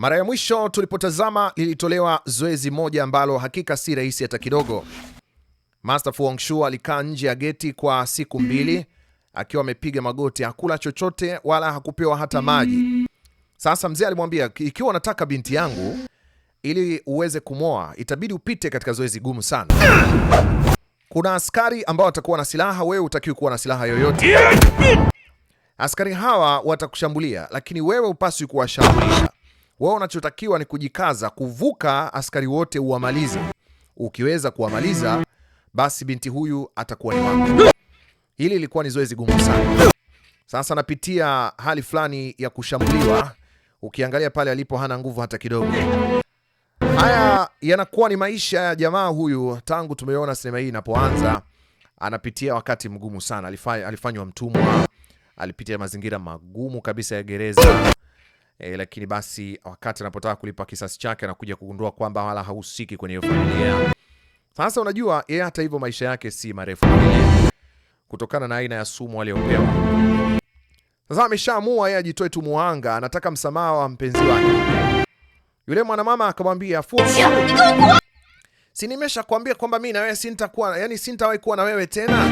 Mara ya mwisho tulipotazama lilitolewa zoezi moja ambalo hakika si rahisi hata kidogo. Master Fu Hongxue alikaa nje ya geti kwa siku mbili akiwa amepiga magoti, hakula chochote wala hakupewa hata maji. Sasa mzee alimwambia, ikiwa unataka binti yangu ili uweze kumwoa, itabidi upite katika zoezi gumu sana. Kuna askari ambao watakuwa na silaha, wewe utakiwi kuwa na silaha yoyote. Askari hawa watakushambulia, lakini wewe upaswi kuwashambulia. Wewe unachotakiwa ni kujikaza kuvuka, askari wote uwamalize. Ukiweza kuwamaliza, basi binti huyu atakuwa ni wako. Hili lilikuwa ni zoezi gumu sana. Sasa napitia hali fulani ya kushambuliwa. Ukiangalia pale alipo hana nguvu hata kidogo. Haya yanakuwa ni maisha ya jamaa huyu, tangu tumeona sinema hii inapoanza, anapitia wakati mgumu sana. Alifanywa mtumwa, alipitia mazingira magumu kabisa ya gereza, e, lakini basi wakati anapotaka kulipa kisasi chake anakuja kugundua kwamba wala hahusiki kwenye hiyo familia. Sasa unajua yeye, hata hivyo, maisha yake si marefu kutokana na aina ya sumu aliyopewa. Sasa ameshaamua yeye ajitoe tu muhanga, anataka msamaha wa mpenzi wake. Yule mwanamama akamwambia si nimesha kuambia kwamba mimi na wewe sintakuwa, yani sintawahi kuwa na wewe tena.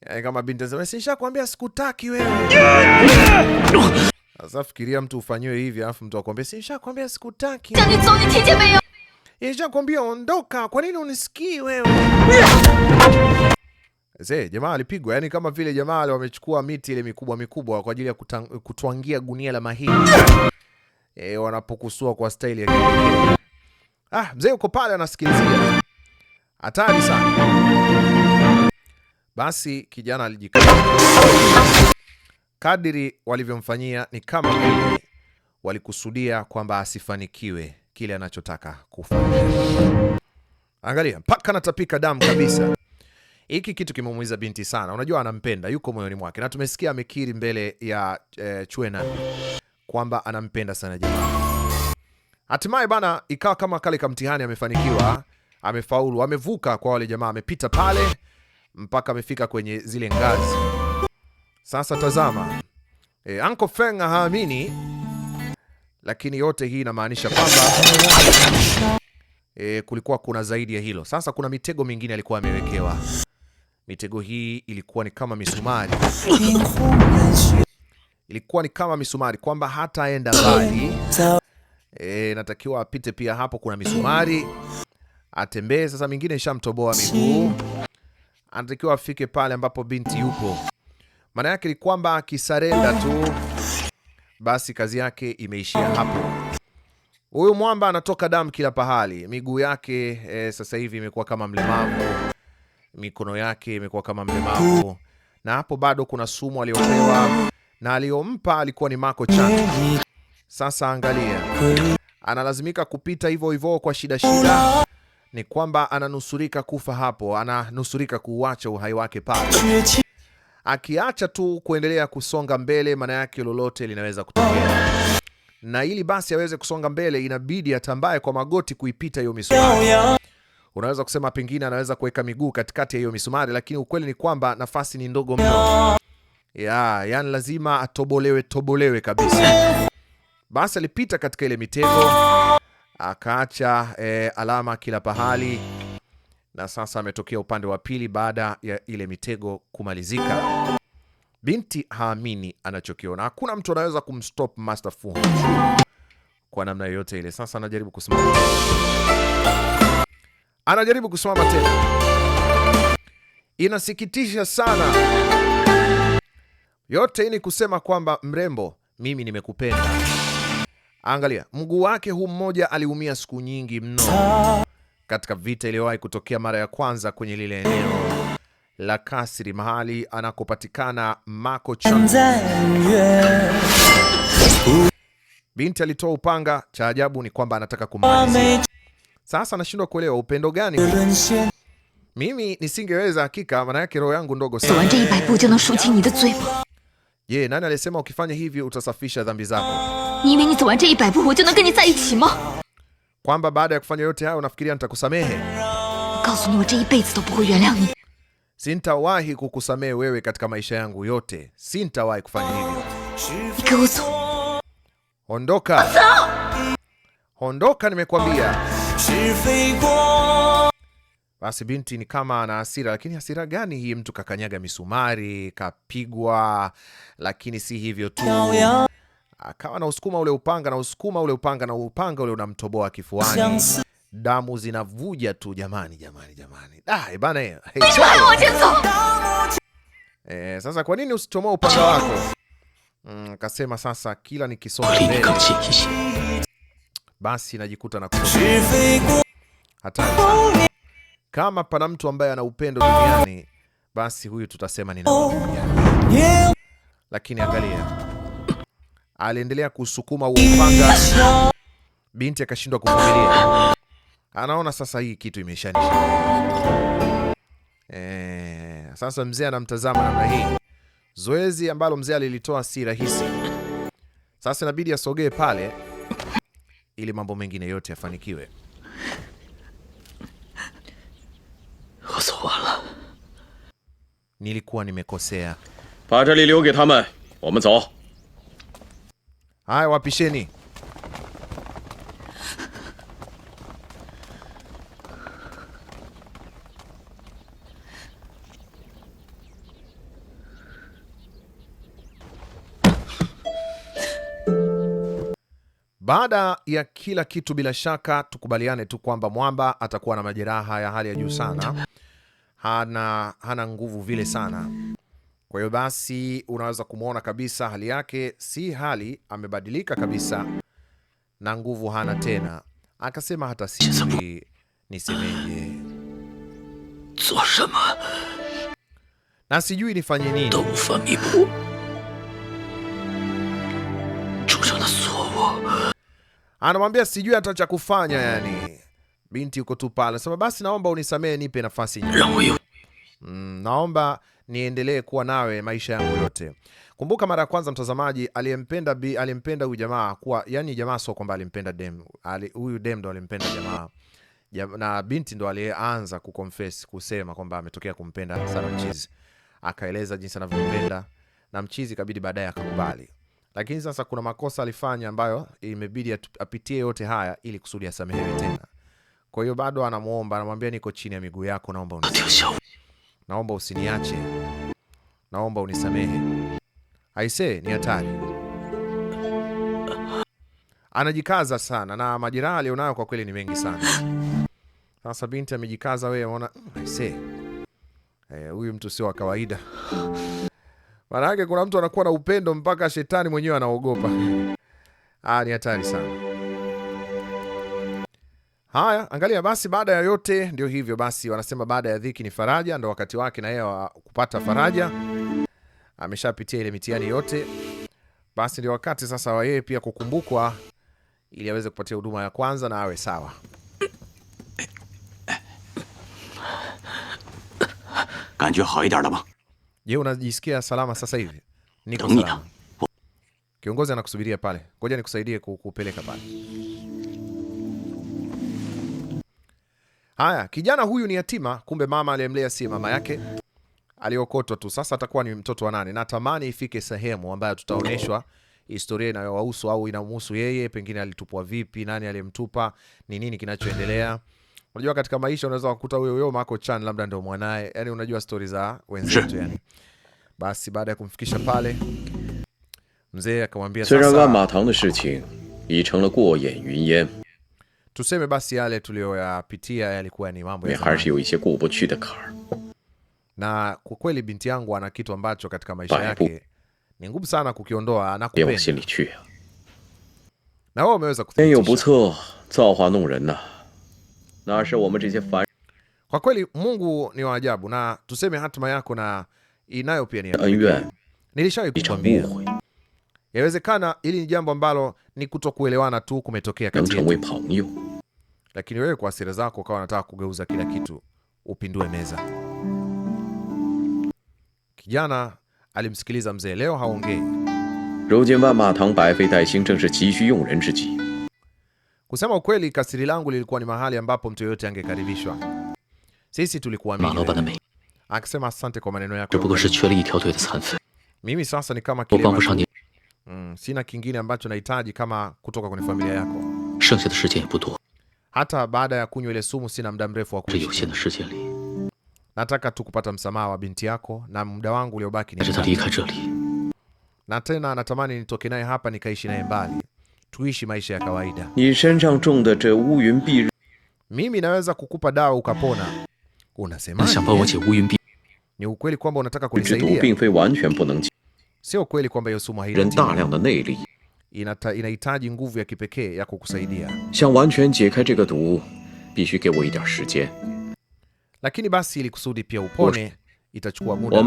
Yaani kama binti, si nimeshakwambia sikutaki wewe. Sasa fikiria mtu ufanyiwe hivi, alafu mtu akwambia si nishakwambia sikutaki, nishakwambia ondoka, kwa nini unisikii wewe? Zee, jamaa alipigwa, yani kama vile jamaa wale wamechukua miti ile mikubwa mikubwa kwa ajili ya kutwangia gunia la mahindi Eh, wanapokusua kwa staili ya ah, mzee uko pale anasikilizia, hatari sana. Basi kijana alijikata kadiri walivyomfanyia ni kama vile walikusudia kwamba asifanikiwe kile anachotaka kufanya. Angalia, mpaka anatapika damu kabisa. Hiki kitu kimemuumiza binti sana. Unajua anampenda, yuko moyoni mwake, na tumesikia amekiri mbele ya eh, Chwena kwamba anampenda sana jamaa. Hatimaye bana, ikawa kama kale kamtihani, amefanikiwa, amefaulu, amevuka kwa wale jamaa, amepita pale mpaka amefika kwenye zile ngazi sasa tazama, e, Uncle Feng haamini, lakini yote hii inamaanisha kwamba e, kulikuwa kuna zaidi ya hilo. Sasa kuna mitego mingine alikuwa amewekewa. Mitego hii ilikuwa ni kama misumari, ilikuwa ni kama misumari kwamba hataenda mbali e, natakiwa apite pia hapo. Kuna misumari atembee. Sasa mingine ishamtoboa miguu, anatakiwa afike pale ambapo binti yupo. Maana yake ni kwamba akisarenda tu basi kazi yake imeishia hapo. Huyu mwamba anatoka damu kila pahali, miguu yake eh, sasa hivi imekuwa kama mlemavu, mikono yake imekuwa kama mlemavu, na hapo bado kuna sumu aliyopewa na aliyompa alikuwa ni Mako Chan. Sasa angalia, analazimika kupita hivyo hivyo kwa shida shida, ni kwamba ananusurika kufa hapo, ananusurika kuuacha uhai wake pale akiacha tu kuendelea kusonga mbele, maana yake lolote linaweza kutokea, na ili basi aweze kusonga mbele, inabidi atambaye kwa magoti kuipita hiyo misumari. Unaweza kusema pengine anaweza kuweka miguu katikati ya hiyo misumari, lakini ukweli ni kwamba nafasi ni ndogo mno ya, yani lazima atobolewe tobolewe kabisa. Basi alipita katika ile mitego akaacha eh, alama kila pahali na sasa ametokea upande wa pili baada ya ile mitego kumalizika. Binti haamini anachokiona, hakuna mtu anaweza kumstop Master Fu kwa namna yoyote ile. Sasa anajaribu kusimama, anajaribu kusimama tena. Inasikitisha sana. Yote hii ni kusema kwamba mrembo, mimi nimekupenda. Angalia mguu wake huu mmoja, aliumia siku nyingi mno katika vita iliyowahi kutokea mara ya kwanza kwenye lile eneo la kasri mahali anakopatikana Mako Chan. Binti alitoa upanga, cha ajabu ni kwamba anataka kumaliza. Sasa anashindwa kuelewa upendo gani. Mimi nisingeweza hakika, maana yake roho yangu ndogo sana. Je, nani alisema ukifanya hivi utasafisha dhambi zako? kwamba baada ya kufanya yote hayo unafikiria nitakusamehe? Sintawahi kukusamehe wewe katika maisha yangu yote, sintawahi kufanya hivyo. Ondoka, ondoka, nimekuambia. Basi binti ni kama ana hasira, lakini hasira gani hii? Mtu kakanyaga misumari, kapigwa, lakini si hivyo tu akawa na usukuma ule upanga na usukuma ule upanga na upanga ule unamtoboa kifuani, damu zinavuja tu. Jamani, jamani, jamani, dai bana eh. hey, eh, sasa kwa nini usitomoe upanga wako? Mm, kasema sasa kila nikisonga mbele basi najikuta na hatari. Kama pana mtu ambaye ana upendo duniani, basi huyu tutasema ni, lakini angalia aliendelea kusukuma huo upanga, binti akashindwa kuvumilia. Anaona sasa hii kitu imeshanisha. E, sasa mzee anamtazama namna hii. Zoezi ambalo mzee alilitoa si rahisi. Sasa inabidi asogee pale ili mambo mengine yote yafanikiwe. Nilikuwa nimekosea. Haya, wapisheni. Baada ya kila kitu, bila shaka tukubaliane tu kwamba Mwamba atakuwa na majeraha ya hali ya juu sana. Hana, hana nguvu vile sana. Kwa hiyo basi unaweza kumwona kabisa hali yake si hali, amebadilika kabisa na nguvu hana tena. Akasema hata sijui nisemeje na sijui nifanye nini. Anamwambia sijui hata cha kufanya, yani binti uko tu pale, sema basi, naomba unisamehe, nipe nafasi nyingine. Mm, naomba niendelee kuwa nawe maisha yangu yote. Kumbuka mara ya kwanza mtazamaji, aliyempenda bi alimpenda huyu jamaa kwa, yani jamaa sio kwamba alimpenda dem, huyu dem ndo alimpenda jamaa na binti ndo aliyeanza kuconfess kusema kwamba ametokea kumpenda sana mchizi, akaeleza jinsi anavyompenda na mchizi kabidi baadaye akakubali. Lakini sasa kuna makosa alifanya ambayo imebidi apitie yote haya ili kusudi asamehewe tena. Kwa hiyo bado anamuomba, anamwambia niko chini ya miguu yako, naomba unisamehe naomba usiniache, naomba unisamehe. aise ni hatari. Anajikaza sana na majeraha alionayo kwa kweli ni mengi sana. Sasa binti amejikaza, wewe unaona, aisee, eh, huyu mtu sio wa kawaida. Maana yake kuna mtu anakuwa na upendo mpaka shetani mwenyewe anaogopa. Ah, ni hatari sana. Haya, angalia basi, baada ya yote ndio hivyo basi, wanasema baada ya dhiki ni faraja, ndo wakati wake na yeye kupata faraja. Ameshapitia ile mitihani yote, basi ndio wakati sasa wa yeye pia kukumbukwa, ili aweze kupatia huduma ya kwanza na awe sawa. Je, unajisikia salama sasa hivi? Niko salama. Kiongozi anakusubiria pale, ngoja nikusaidie kukupeleka pale. Haya, kijana huyu ni yatima, kumbe mama aliyemlea si mama yake, aliokotwa tu. Sasa atakuwa ni mtoto wa nane. Natamani ifike sehemu ambayo tutaonyeshwa historia inayowahusu au inamhusu yeye, pengine alitupwa vipi, nani aliyemtupa, ni nini kinachoendelea. Unajua katika maisha unaweza kukuta huyo huyo Mako Chan labda ndio mwanae, yani unajua stori za wenzetu yani. Basi baada ya kumfikisha pale, mzee akamwambia sasa Tuseme basi yale tuliyoyapitia yalikuwa ni mambo na kwa kweli binti yangu ana kitu ambacho katika maisha yake ni ngumu sana kukiondoa. na kupenda. na wewe umeweza kuthibitisha. Kwa kweli Mungu ni wa ajabu, na tuseme hatima yako na inayo pia ni ya Nilishawahi kukwambia yawezekana hili ni jambo ambalo ni kutokuelewana tu kumetokea kati yetu lakini wewe kwa hasira zako ukawa unataka kugeuza kila kitu upindue meza. Kijana alimsikiliza mzee, leo haongei. Kusema ukweli, kasiri langu lilikuwa ni mahali ambapo mtu yoyote angekaribishwa. Sisi tulikuwa Akisema asante kwa maneno yako. Mimi sasa ni kama kile mm, sina kingine ambacho nahitaji kama kutoka kwenye familia yako hata baada ya kunywa ile sumu, sina muda mrefu wa kuishi. Nataka tu kupata msamaha wa binti yako na muda wangu uliobaki ni na tena natamani nitoke naye hapa nikaishi naye mbali, tuishi maisha ya kawaida. Mimi naweza kukupa dawa ukapona. Unasema Ni ukweli kwamba unataka kunisaidia? Sio kweli kwamba hiyo sumu haina inahitaji nguvu ya kipekee ya kukusaidia. Lakini basi ili kusudi pia upone itachukua muda.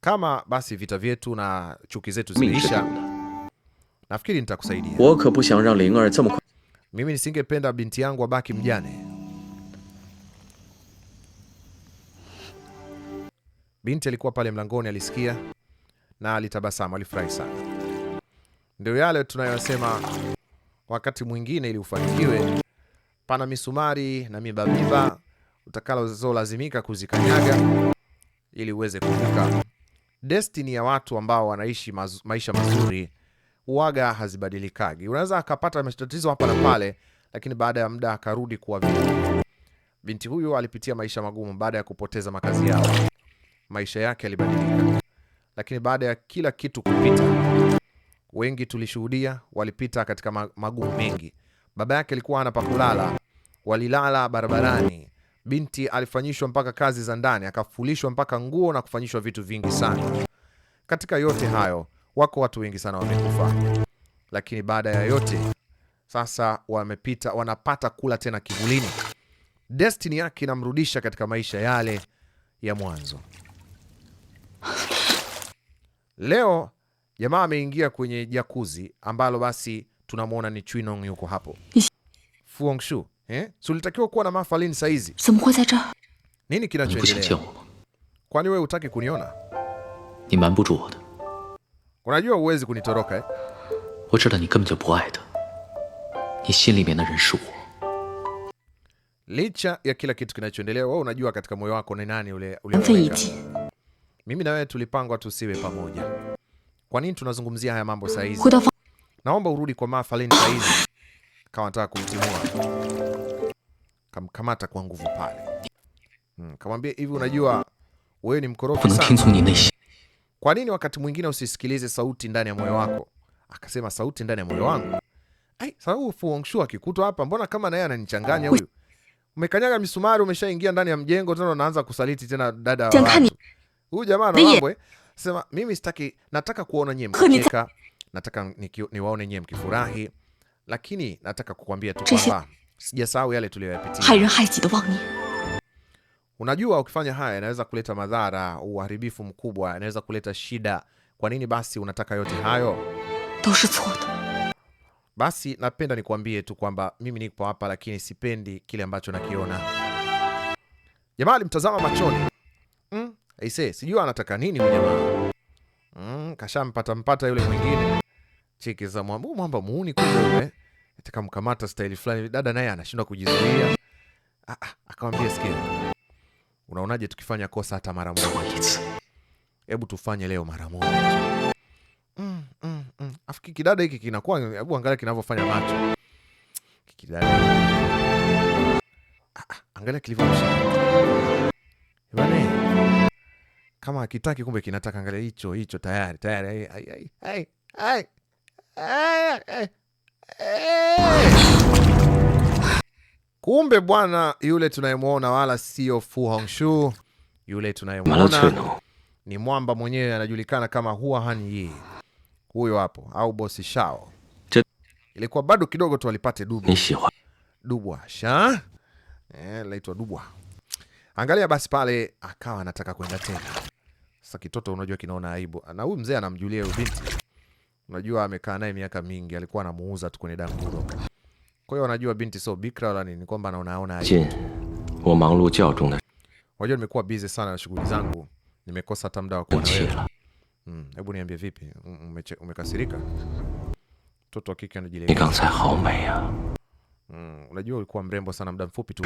Kama basi vita vyetu na chuki zetu zimeisha, nafikiri nitakusaidia. Mimi nisingependa binti yangu abaki mjane. Binti alikuwa pale mlangoni, alisikia na alitabasamu, alifurahi sana. Ndio yale tunayosema wakati mwingine, ili ufanikiwe, pana misumari na mibabiba utakalozolazimika kuzikanyaga ili uweze kufika. Destiny ya watu ambao wanaishi mazu, maisha mazuri uwaga hazibadilikagi. Unaweza akapata matatizo hapa na pale, lakini baada ya muda akarudi kuwa vile. Binti huyu alipitia maisha magumu baada ya kupoteza makazi yao, maisha yake yalibadilika, lakini baada ya kila kitu kupita wengi tulishuhudia walipita katika magumu mengi. Baba yake alikuwa ana pakulala kulala, walilala barabarani. Binti alifanyishwa mpaka kazi za ndani, akafulishwa mpaka nguo na kufanyishwa vitu vingi sana. Katika yote hayo, wako watu wengi sana wamekufa, lakini baada ya yote sasa wamepita, wanapata kula tena kivulini. Destiny yake inamrudisha katika maisha yale ya mwanzo. Leo Jamaa ameingia kwenye jakuzi ambalo basi tunamwona ni Chwinong yuko hapo. Fu Hongxue, eh? Sulitakiwa kuwa na Ma Fangling saizi. Nini kinachoendelea? Kwani wewe hutaki kuniona? Ni mambo tu. Unajua huwezi kunitoroka eh? Licha ya kila kitu kinachoendelea, wewe unajua katika moyo wako ni nani ule ule. Mimi na wewe tulipangwa tusiwe pamoja. Kwa nini tunazungumzia haya mambo saa hizi? Naomba urudi kwa Ma Fangling saa hizi. Kama anataka kumtimua. Kamkamata kwa nguvu pale. Hmm, kamwambia hivi, unajua wewe ni mkorofi sana. Kwa nini wakati mwingine usisikilize sauti ndani ya moyo wako? Akasema sauti ndani ya moyo wangu. Ai, sababu Fu Hongxue akikutwa hapa, mbona kama naye ananichanganya huyu? Umekanyaga misumari, umeshaingia ndani ya mjengo tena unaanza kusaliti tena dada wa watu. Huyu jamaa ana mambo eh sema mimi sitaki, nataka kuona nyie mkicheka, nataka niwaone nyie mkifurahi, lakini nataka kukwambia tu kwamba sijasahau yale tuliyoyapitia. Unajua, ukifanya haya inaweza kuleta madhara, uharibifu mkubwa, inaweza kuleta shida. Kwa nini basi unataka yote hayo? Basi napenda nikuambie tu kwamba mimi nipo hapa, lakini sipendi kile ambacho nakiona. Jamaa alimtazama machoni mm. Aise, sijui anataka nini jamaa. Mm, kashampata mpata yule mwingine. Chiki za mwamba, mwamba muuni kule. Eh. Nataka mkamata style fulani. Dada naye anashindwa kujizuia. Ah, ah, akamwambia sikia. Unaonaje tukifanya kosa hata mara moja? Hebu tufanye leo mara moja. Mm, mm, mm. Afiki kidada hiki kinakuwa, hebu angalia kinavyofanya macho. Kidada. Ah, ah, angalia kilivyo. Bwana kama akitaki, kumbe kinataka. Angalia hicho hicho, tayari tayari. Ai, ai, ai, ai, kumbe bwana yule tunayemwona wala sio Fu Hongxue. Yule tunayemwona ni mwamba mwenyewe, anajulikana kama Hua Hanyi, huyo hapo, au bosi Shao. Ilikuwa bado kidogo tu alipate dubwa dubwa sha eh, laitwa dubwa Angalia basi pale, akawa anataka kwenda tena. Sasa kitoto unajua kinaona aibu, na huyu mzee anamjulia huyu binti, unajua amekaa naye miaka mingi, alikuwa anamuuza tu kwenye danguro. Kwa hiyo anajua binti sio bikra wala nini, kwamba anaona aona aibu. Unajua nimekuwa busy sana na shughuli zangu, nimekosa hata muda wa kuona wewe. Mm, hebu niambie vipi, mm, mm, umekasirika? Mtoto wa kike anajieleza. Mm, unajua ulikuwa mrembo sana muda mfupi tu.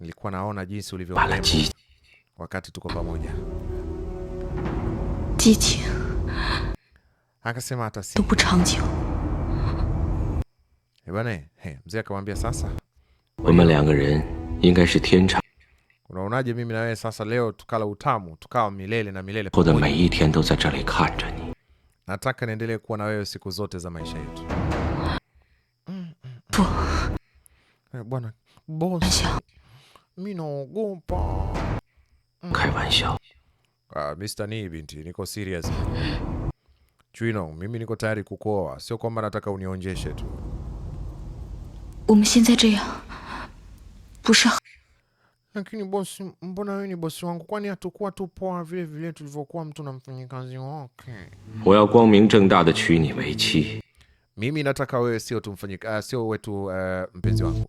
Nilikuwa naona jinsi ulivyo wakati tuko pamoja. Akasema hata si eh, bwana. Eh, mzee akamwambia sasa, unaonaje mimi na wewe sasa leo tukala utamu tukawa milele na milele pamoja. Nataka niendelee kuwa na wewe siku zote za maisha yetu. Eh, bwana boss Minaogopa. 开玩笑。Ah, Mr. Ni binti, niko serious. Chwino, mimi niko tayari kukuoa, sio kwamba nataka unionjeshe tu. Lakini bosi, mbona wewe ni bosi wangu? Kwani hatukuwa tu poa vile vile tulivyokuwa mtu na mfanyikazi wake? Mimi nataka wewe sio tu mfanyikazi, ah, sio wewe tu eh, mpenzi wangu.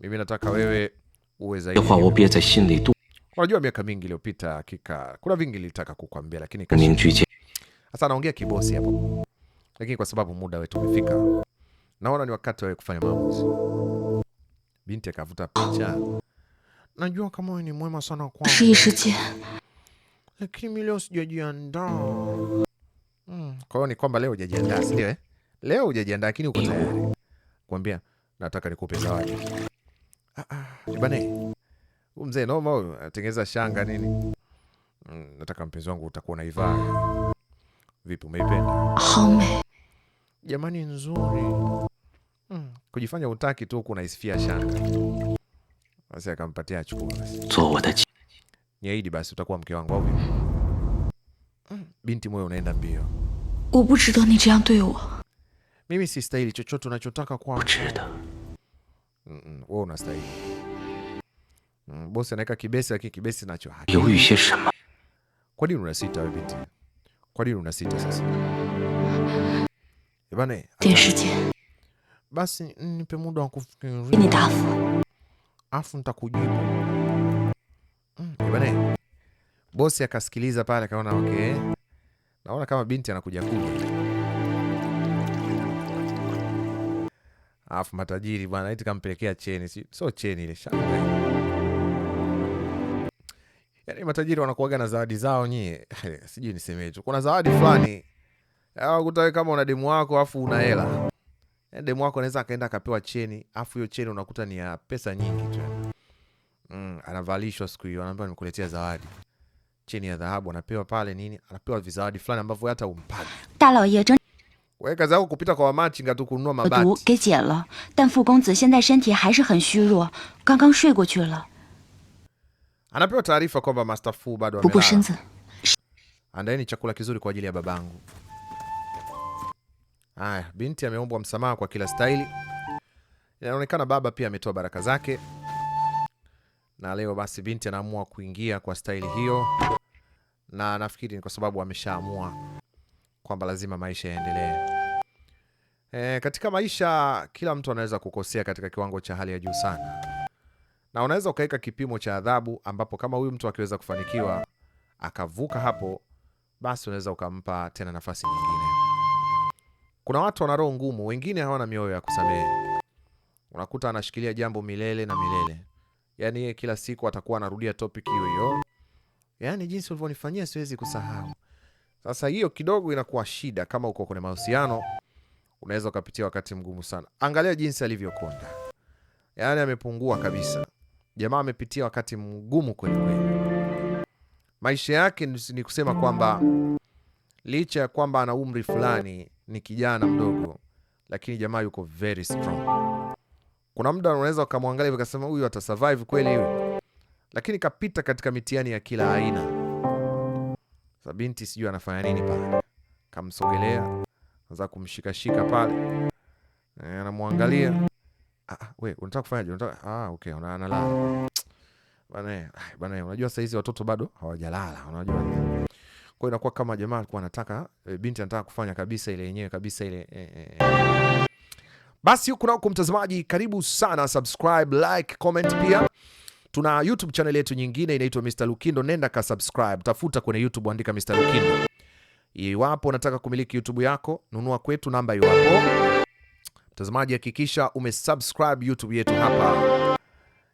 Mimi nataka wewe uweze unajua, miaka mingi iliyopita hakika kuna vingi nilitaka kukwambia, lakini sasa naongea kibosi hapo, lakini kwa sababu muda wetu umefika, naona ni wakati wa kufanya maamuzi. Binti akavuta picha. Najua kama wewe ni mwema sana kwangu, lakini leo sijajiandaa. Mm, kwa hiyo ni kwamba leo hujajiandaa, si ndio? Eh? Leo hujajiandaa, lakini uko tayari kuambia nataka nikupe zawadi. Jibane. Huyu mzee noma huyu, anatengeneza shanga nini? Mm, nataka mpenzi wangu utakuwa naivaa. Vipi, umeipenda? Jamani, nzuri. Mm, kujifanya utaki tu huku unaisifia shanga. Basi akampatia achukue basi. Niahidi basi utakuwa mke wangu au vipi? Mm, binti moyo unaenda mbio. ni Mimi sistahili chochote unachotaka kwangu mm -mm, wewe unastahili. Mm, bosi anaweka kibesi lakini kibesi nacho haki. Kwa nini unasita wewe binti? Kwa nini unasita sasa? Bana, basi nipe muda wa kufikiria. Afu nitakujibu. Mm, Bana. Bosi akasikiliza pale akaona okay. Naona kama binti anakuja kuja. Alafu matajiri bwana eti kampelekea cheni, sio cheni ile shanga. yani matajiri wanakuaga na zawadi zao nyie. Sijui nisemeje tu. Kuna zawadi fulani Unakuta kama una demu wako afu una hela. Yaani demu wako anaweza akaenda akapewa cheni, afu hiyo cheni unakuta ni ya pesa nyingi tu. Mm, anavalishwa siku hiyo, anaambiwa nimekuletea zawadi. Cheni ya dhahabu anapewa pale nini? Anapewa vizawadi fulani ambavyo hata umpange. Weka zako kupita kwa wamachinga tu kununua mabati. ge jie dan Fu Gongzi xian dai shenty hen xu ruo, shui guo qu Anapewa taarifa kwamba Master Fu bado amelala. Andaeni chakula kizuri kwa ajili ya babangu. Haya, binti ameombwa msamaha kwa kila staili. Inaonekana baba pia ametoa baraka zake, na leo basi binti anaamua kuingia kwa staili hiyo, na nafikiri ni kwa sababu ameshaamua kwamba lazima maisha yaendelee. E, katika maisha kila mtu anaweza kukosea katika kiwango cha hali ya juu sana, na unaweza ukaweka kipimo cha adhabu ambapo kama huyu mtu akiweza kufanikiwa akavuka hapo, basi unaweza ukampa tena nafasi nyingine. Kuna watu wana roho ngumu, wengine hawana mioyo ya kusamehe. Unakuta anashikilia jambo milele na milele, yaani kila siku atakuwa anarudia topic hiyo hiyo, yaani jinsi ulivyonifanyia siwezi kusahau sasa hiyo kidogo inakuwa shida, kama uko kwenye mahusiano, unaweza ukapitia wakati mgumu sana. Angalia jinsi alivyokonda, yaani amepungua kabisa. Jamaa amepitia wakati mgumu kweli kweli. Maisha yake ni kusema kwamba licha ya kwamba ana umri fulani, ni kijana mdogo, lakini jamaa yuko very strong. Kuna muda unaweza ukamwangalia ukasema, huyu atasurvive kweli huyu, lakini kapita katika mitihani ya kila aina sasa binti sijui anafanya nini pale, kamsogelea anza kumshikashika pale, eh, anamwangalia ah, ah, we unataka kufanyaje? Unataka ah, okay, una analala bana eh, ah, bane. Eh, unajua sasa hizi watoto bado hawajalala, unajua kwa inakuwa kama jamaa alikuwa anataka e, binti anataka kufanya kabisa ile yenyewe kabisa ile e, e, e. Basi huku nako mtazamaji, karibu sana subscribe, like, comment pia Tuna YouTube channel yetu nyingine inaitwa Mr. Lukindo, nenda ka subscribe, tafuta kwenye YouTube andika Mr. Lukindo. Iwapo unataka kumiliki YouTube yako, nunua kwetu, namba iwapo. Mtazamaji, hakikisha umesubscribe YouTube yetu hapa.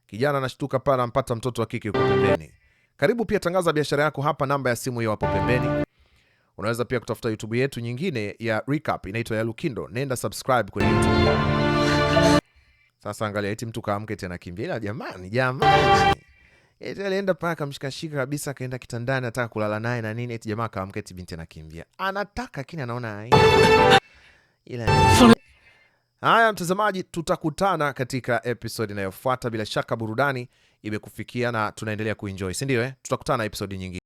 Kijana anashtuka pale, ampata mtoto wa kike yuko pembeni. Karibu pia tangaza biashara yako hapa, namba ya simu hiyo hapo pembeni. Unaweza pia kutafuta YouTube yetu nyingine ya recap inaitwa ya Lukindo, nenda subscribe kwenye YouTube. Sasa angalia, eti mtu kaamke tena kimbia, ila jamani, jamani, eti alienda paka kamshikashika kabisa, kaenda kitandani, anataka kulala naye na nini, eti jamaa kaamke, eti binti anakimbia, anataka lakini anaona ila Haya mtazamaji, tutakutana katika episodi inayofuata. Bila shaka burudani imekufikia na tunaendelea kuenjoy, si ndio eh? Tutakutana episodi nyingine.